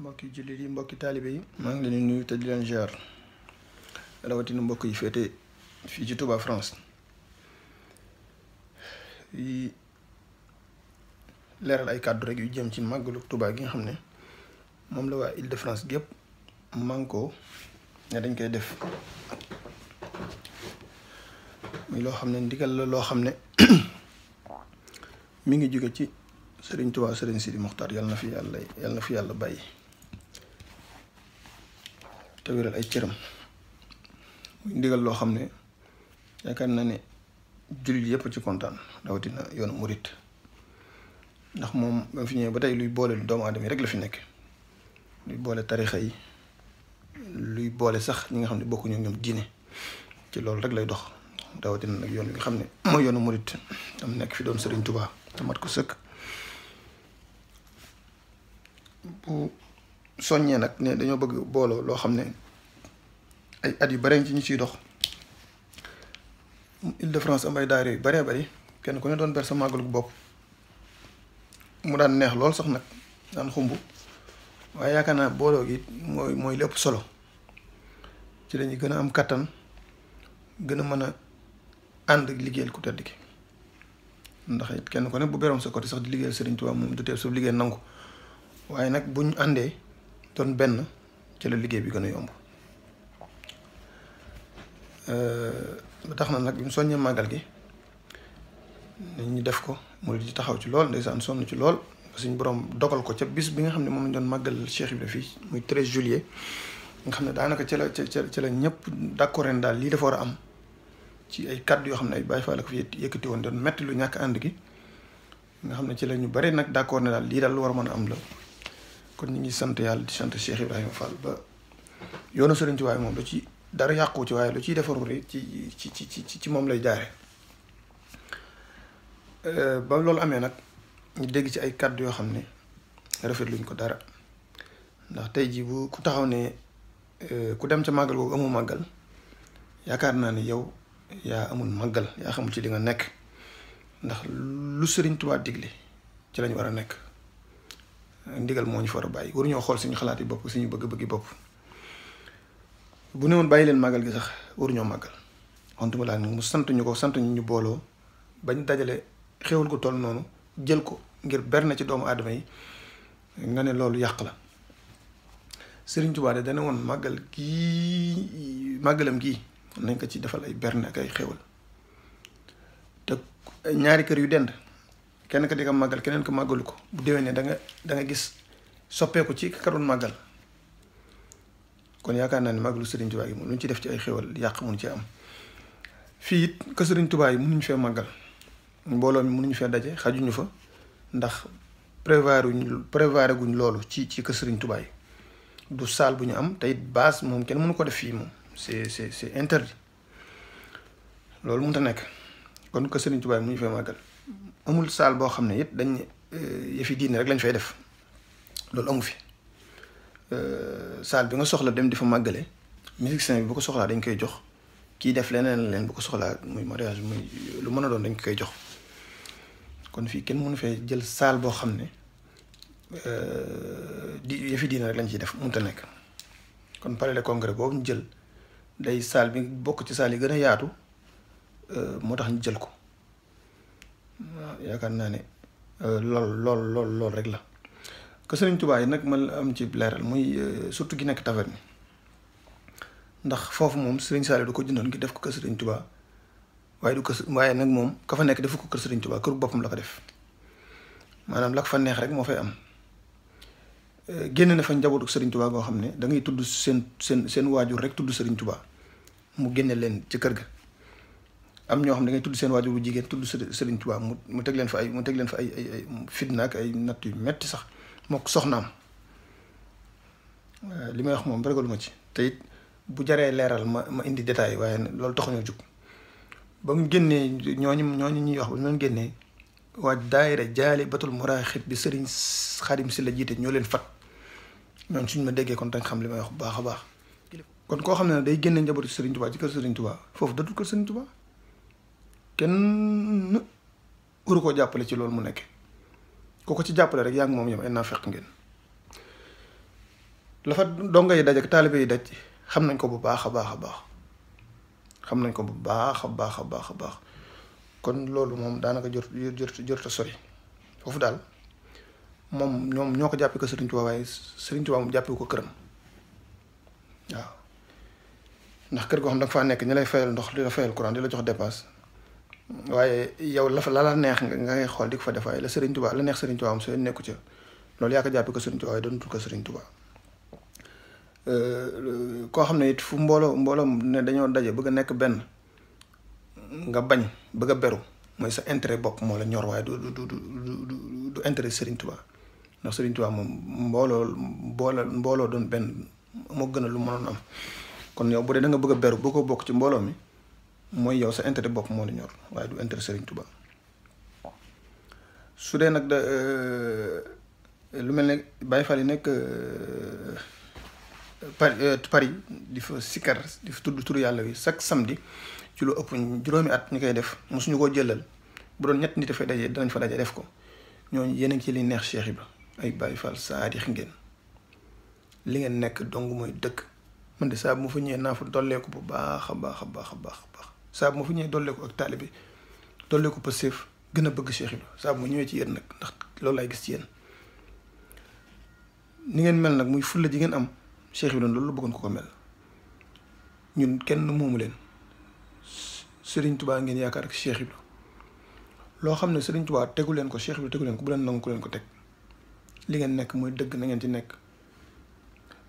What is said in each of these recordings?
mbokki jullit yi mbokki taalibe yi maa ngi leen di nuyu te di leen ziar rawatina mbokk yi féete fii ci Touba France yi leeral ay kàddu rek yu jëm ci màggalu Touba gi nga xam ne moom la waa Île de France gépp mànkoo ne dañ koy def muy loo xam ne ndigal la loo xam ne mu ngi jóge ci sëriñ Tuubaa sëriñ Sidi Muxtaar yàlla na fi yàlla yàlla na fi yàlla bàyyi te ay cëram muy ndigal loo xam ne yaakaar na ne jullit yëpp ci kontaan rawatina yoonu murit ndax moom ba ba tey luy boole doomu aadama rek la fi nekk luy boole tarixa yi luy boole sax ñi nga xam ne bokkuñu ñoom diine ci loolu rek lay dox rawatina nag yoon bi xamne mo yoonu murit tam nek fi doon Serigne Touba te ko seuk bu soññee nak ne dañu bëgg bolo lo xamne ay at yu bare ci ñu ci dox ile de france am ay daara yu baree bari kenn ku ne doon ber sa màggalu bop mu daan neex lool sax nak daan xumbu waaye yaakaar naa gi mooy mooy lépp solo ci lañuy gën a am kattan gën a ànd liggéeyal ku tedd ki ndax it kenn ko ne bu beroon sa côté sax di liggéeyal Serigne Touba moom du teel suuf liggéey nangu waaye nag bu ñu àndee doon benn ci la liggéey bi gën a yomb. ba tax na nag bi mu soññee màggal gi nit def ko mu di taxaw ci lool ndeysaan sonn ci lool suñ borom dogal ko ca bis bi nga xam ne moom lañ doon màggal Cheikh Ibrahima fii muy 13 juillet nga xam ne daanaka ci la ci la ci la ñëpp daal lii dafa war a am. ci ay kàddu yoo xam ne ay Baay Faal la ko fi yëkkati woon doon metti lu ñàkk ànd gi nga xam ne ci la ñu bare nag d'accord ne daal lii daal lu war a mën a am la kon ñu ngi sant yàlla di sant Cheikh Ibrahima Fall ba yoonu ci waaye moom lu ci dara yàqu ci waaye lu ciy defaru ci ci ci ci ci moom lay jaare euh, ba loolu amee nag ñu dégg ci ay kàddu yoo xam ne rafet luñ ko dara ndax tey jii bu ku taxaw ne euh, ku dem ca màggal googu amu màggal yaakaar naa ne yow yaa amul màggal yaa xamul ci li nga nekk ndax lu sëriñ Tuubaa digle ci lañ war a nekk ndigal moo ñu fa war a bàyyi waruñoo xool suñu xalaat yi bopp ñu bëgg-bëggi bopp bu newoon bàyyi leen màggal gi sax waruñoo màggal wantuma laa mu sant ñu ko sant ñu ñu booloo bañ dajale xéwal ko toll noonu jël ko ngir berne ci doomu aadama yi nga ne loolu yàq la sëriñ Tuubaa de dana woon màggal gii màggalam gii nañ ko ci defal ay berne ak ay xéwal te ñaari kër yu dend kenn ka di ko màggal keneen ko màggalu ko bu déwénee da nga da gis soppeeku ci ka doon màggal kon yaakaar naa ne màggalu Serigne Touba yi moom lu ñu def ci ay xéwal yàq mun ci am fii it ka yi mënuñu fee màggal mbooloo mi mënuñu fee daje xajuñu fa ndax prévoir guñ prévoire guñ loolu ci ci ka Serigne Touba du saal bu ñu am te baas moom kenn mënu koo def fii moom. c'est c'est c'est interdit loolu mënut a nekk kon ko Serigne Touba mu fay màggal amul sal bo xamne yépp dañ yëfi diine rek lañ fay def lolou amu fi sal bi nga soxla dem di fa musicien bi bu ko soxlaa dañ koy jox kii def leneen leen bu ko muy mariage muy lu doon dañ koy jox kon kenn mënu jël di yëfi diine rek lañ def kon congrès ñu jël. day saal bi bokk ci saal yi gën a yaatu euh, moo tax ñu jël ko yaakaar naa ne euh, lool lool lool lool rek la que Sëriñ Tuubaa yi nag la am ci leeral muy euh, surtout gi nekk taverne ndax foofu moom Sëriñ Saaliw du ko jëndoon ngi def ko kër Sëriñ Tuubaa waaye du ko waaye nag moom ka fa nekk defu ko kër Sëriñ Tuubaa kër boppam la ko def maanaam la ko fa neex rek moo fay am génn na fa njabootu Sëriñ Tuubaa goo xam ne da ngay tudd seen seen seen waajur rek tudd Sëriñ Tuubaa mu génne leen ci kër ga am ñoo xam ne da tudd seen waajur bu jigéen tudd Serigne Touba mu mu teg mu teg leen fa ay ay ay fitna ak ay natt yu metti sax mook soxnaam li may wax moom ragaluma ci te bu jaree leeral ma ma indi détail waaye loolu taxuñoo jug ba mu génnee ñooñu ñooñu ñuy wax ba ñu doon génnee waa daayira jaali batul muraaxib bi Serigne Xaadim si la jiite ñoo leen fat ñoon suñ ma déggee kon dañ xam li may wax bu baax a baax. kon koo xam ne day génne njabootu Serigne Touba ci kër Serigne Touba foofu datul kër Serigne Touba kenn waru koo jàppale ci loolu mu nekk ku ko ci jàppale rek yaa moom yam ay naafeq ngeen la fa yi daj ak yi daj xam nañ ko bu baax a baax a baax xam nañ ko bu baax a baax a baax a baax kon loolu moom daanaka jot jot jot a sori foofu daal moom ñoom ñoo ko jàppee ko Serigne Touba waaye Serigne Touba moom jàppee ko këram waaw. ndax kër koo xam da nga faa nekk ñu lay fayal ndox di la fayal courant di la jox dépasse waaye yow la fa la la neex nga ngay xool di ko fa def waaye la Serigne Touba la neex Serigne Touba am soo nekku ca loolu yaa ko jàppee ko Serigne Touba waaye ko Serigne Touba. Euh, koo xam ne it fu mbooloo mbooloo ne dañoo daje bëgg a nekk benn nga bañ bëgg a beru mooy sa intérêt bopp moo la ñor waaye du du du du du intérêt Serigne Touba ndax Serigne Touba moom mbooloo mbooloo mbooloo doon benn moo gën a lu mënoon am. kon yow bu dee da nga bëgg a beru boo ko bokk ci mbooloo mi mooy yow sa intérêt bopp moo la ñor waaye du intérêt Serigne Touba su dee nag da euh, lu mel ne Baye nek yi nekk euh, euh, Paris di fa sikkar di fa tudd turu yàlla wi chaque samedi ci lu ëpp juróomi at ñu koy def mosuñu koo jëlal bu doon ñett nit dafay daje danañ fa daje def ko ñooñu yéen a ngi ci li neex Cheikh Ibra ay Baye Fall saadix ngeen li ngeen nekk dong mooy dëkk man de saabu mu fa ñëwee naa fa dolleeku bu baax a baax a baax a baax saa bu ma fa ñëwee dolleeku ak taalibe dolleeku Pastef gën a bëgg Cheikh Ibra saa bu ma ñëwee ci yéen nag ndax loolu laay gis ci ni ngeen mel nag muy fulla ji ngeen am Cheikh la loolu la bëggoon ko ko mel ñun kenn moomu leen Serigne Touba ngeen yaakaar ak Cheikh Ibra loo xam ne Serigne Touba tegu leen ko Cheikh Ibra tegu leen ko bu leen nangu ku leen ko teg li ngeen nekk mooy dëgg na ngeen ci nekk.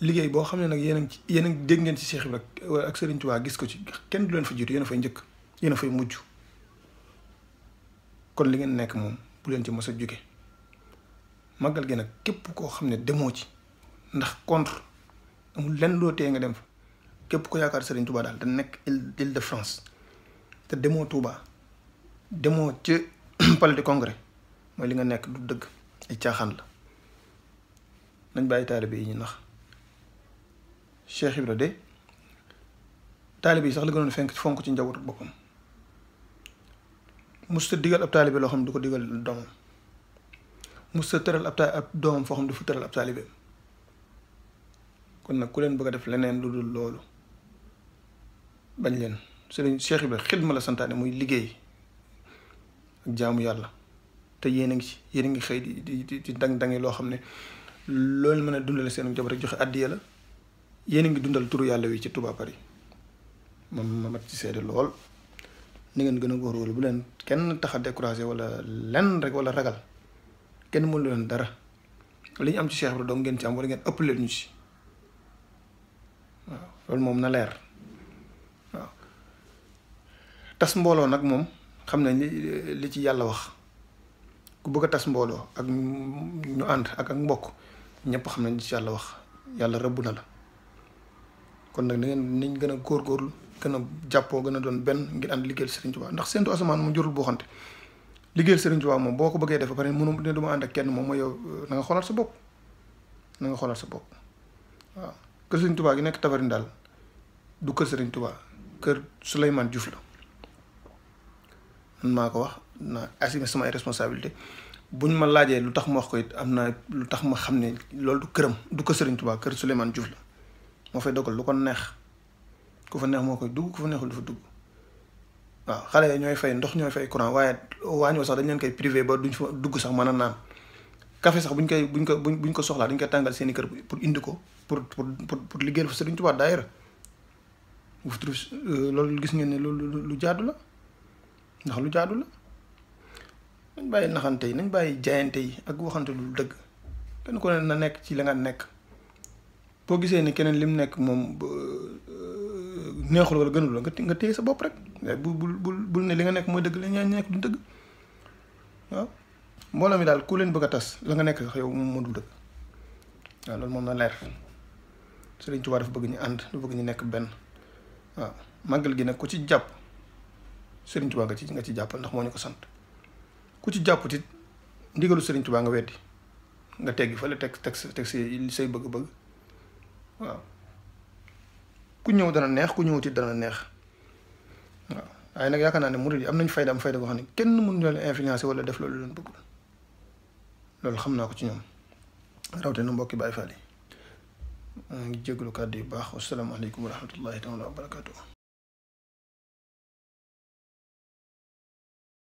liggéey bo xamne nak yéen yéen a dégg ngeen ci Cheikh ibrak ak Serigne Touba gis ko ci kenn du len fa jiitu yéen fay njëkk yéen fay mujj kon li ngeen nek mom bu len ci mësa juggé magal gi nak képp ko xamne demo ci ndax contre amul len loo té nga dem fa képp ko yaakar Serigne Touba dal da nek Île de France te demo Touba demo ci palais de congrès moy li nga nek du dëgg ay caaxaan la nañ bàyyi talibé yi ñu nax Cheikh Ibra de taalibe yi sax li gënoon fenk fonk ci njabootu boppam musta digal ab taalibe loo xam ne du ko digal doomam musta tëral ab ta ab doomam foo xam ne du fa tëral ab taalibe kon nag ku leen bëgg a def leneen lu dul loolu bañ leen sëriñ Cheikh Ibra xidma la santaane muy liggéey ak jaamu yàlla te yéen a ngi ci yéen a ngi xëy di di di dang dangi loo xam ne loolu mën a dundale seen njaboot rek joxe addiya la yéen ngi dundal turu yàlla wi ci tuba bari moom ma mat ci seede lool ni ngeen gën a góorgóorlu bu leen kenn tax a découragé wala lenn rek wala ragal kenn mënu leen dara li ñu am ci Cheikh Ibra doom ngeen ci am wala ngeen ëpp ñu ci waaw loolu moom na leer waaw tas mbooloo nag moom xam nañ li li ci yàlla wax ku bëgg a tas mbooloo ak ñu ànd ak ak mbokk ñëpp xam nañ li ci yàlla wax yàlla rëbb na la. kon nag dangeen niñ gën a góorgóorlu gën a jàppoo gën a doon benn ngir ànd liggéeyal Serigne Touba ndax séntu asamaan mu jurul boo xante liggéeyal Serigne Touba moom boo ko bëggee def ba pare mënu ne du ma ànd ak kenn moom mooy yow euh, na xoolaat sa bopp na xoolaat sa bopp waaw kër Serigne Touba gi nekk tabarin daal du kër Serigne Touba kër Souleymane Diouf la man maa ko wax naa assumer sama ay responsabilité buñ ma laajee lu tax ma wax ko it am naa lu tax ma xam ne loolu du këram du kër Serigne Touba kër Souleymane Diouf la moo fay dogal lu ko neex ku fa neex moo koy dugg ku fa neexul du fa dugg waaw xale yi ñooy fay ndox ñooy fay courant waaye waañoo sax dañ leen koy privé ba duñ fa dugg sax mën a naan café sax buñ koy buñ ko buñ ko soxlaa dañ koy tàngal seeni kër pour indi ko pour pour pour pour fa Sëriñ Tuubaa daayira bu fi euh, loolu gis ngeen ne loolu lu jaadu la ndax lu jaadu la nañ bàyyi naxante yi nañ bàyyi jaayante yi ak waxante lu dëgg kenn ku na nekk ci la nga nekk boo gisee ni keneen lim nekk moom euh, neexul wala gënul la nga téye sa bopp rek bu bul bul bul ne li nga nekk mooy dëgg la ñaa nekk du dëgg waaw mbooloo mi daal ku leen bëgg a tas la nga nekk sax yow moom moo dul dëgg waaw loolu moom na leer Sëriñ Tuubaa dafa bëgg ñu ànd dafa bëgg ñu nekk benn waaw màggal gi nag ku ci jàpp Sëriñ Tuubaa nga ci nga ci jàppal ndax moo ñu ko sant ku ci jàpp it ndigalu Sëriñ Tuubaa nga weddi nga teggi fële teg teg teg say say bëgg-bëgg waaw ku ñëw dana neex ku ñëwuti dana neex waaw waaye nag yaakaar naa ne murid yi am nañ fayda am fayda boo xam ne kenn mënu leen influencé wala def loolu leen bëggul loolu xam naa ko ci ñoom rawatina mbokki Baay Faal yi maa ngi jégalu kàddu yu baax wasalaamaaleykum wa rahmatullahi taala wa barakatuh